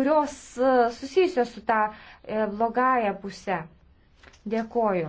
kurios e, susijusios su tą e, blogąją pusę. Dėkoju.